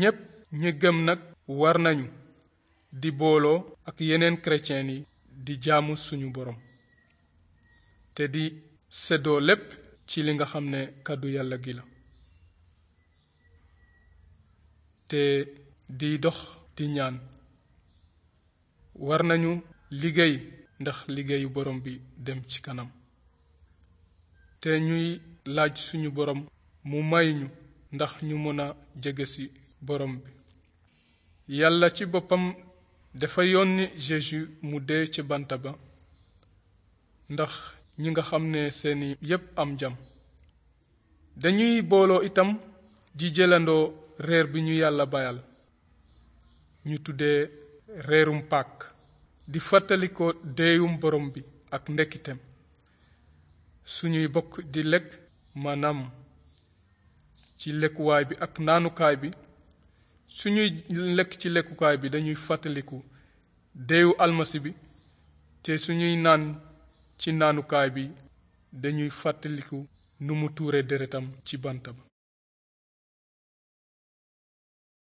ñépp ñi gëm nag war nañu di booloo ak yeneen chrétien yi di jaamu suñu borom te di séddoo lépp ci li nga xam ne kàddu yàlla gi la te di dox di ñaan war nañu liggéey ndax liggéeyu boroom bi dem ci kanam te ñuy laaj suñu borom mu may ñu ndax ñu mën a jege ci borom bi yàlla ci boppam dafa yonni Jésus mu dee ci bant ba ndax ñi nga xam ne seeni yépp am jam dañuy booloo itam di jëlandoo reer bi ñu yàlla bayal ñu tuddee reerum Pàkk di fàttali ko deeyum borom bi ak ndekkitem suñuy bokk di lekk maanaam ci lekkuwaay bi ak naanukaay bi suñuy lekk ci lekkukaay bi dañuy fàttaliku deewu almasi bi te suñuy naan ci naanukaay bi dañuy fàttaliku nu mu tuure deretam ci bant ba